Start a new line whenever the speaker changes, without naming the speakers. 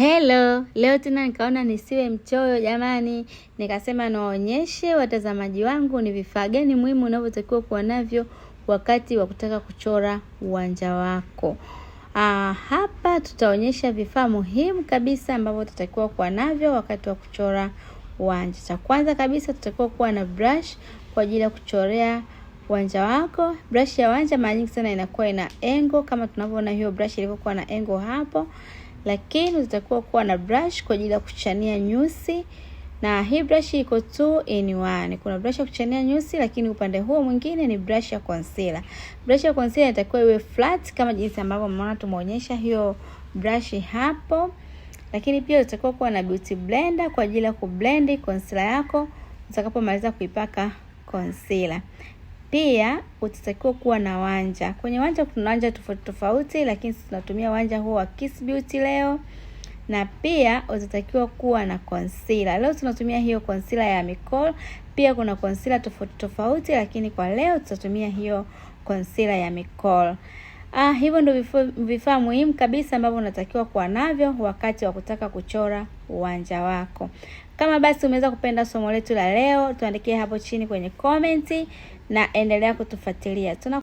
Hello, leo tena nikaona nisiwe mchoyo jamani, nikasema niwaonyeshe watazamaji wangu ni vifaa gani muhimu unavyotakiwa kuwa navyo wakati wa kutaka kuchora uwanja wako. Aa, ah, hapa tutaonyesha vifaa muhimu kabisa ambavyo tutakiwa kuwa navyo wakati wa kuchora uwanja. Cha kwanza kabisa tutakiwa kuwa na brush kwa ajili ya kuchorea uwanja wako. Brush ya uwanja mara nyingi sana inakuwa ina engo, kama tunavyoona hiyo brush ilivyokuwa na engo hapo lakini utatakiwa kuwa na brush kwa ajili ya kuchania nyusi na hii brush iko two in one. Kuna brush ya kuchania nyusi, lakini upande huo mwingine ni brush ya concealer. Brush ya concealer itakuwa iwe flat kama jinsi ambavyo mnaona tumeonyesha hiyo brush hapo, lakini pia utakuwa kuwa na beauty blender kwa ajili ya kublend concealer yako utakapomaliza kuipaka concealer. Pia utatakiwa kuwa na wanja. Kwenye wanja kuna wanja tofauti tofauti, lakini tunatumia wanja huo wa Kiss Beauty leo. Na pia utatakiwa kuwa na concealer. Leo tunatumia hiyo concealer ya Micol. Pia kuna concealer tofauti tofauti, lakini kwa leo tutatumia hiyo concealer ya Micol. Ah, hivyo ndio vifaa muhimu kabisa ambavyo unatakiwa kuwa navyo wakati wa kutaka kuchora uwanja wako. Kama basi umeweza kupenda somo letu la leo, tuandikie hapo chini kwenye komenti na endelea kutufuatilia.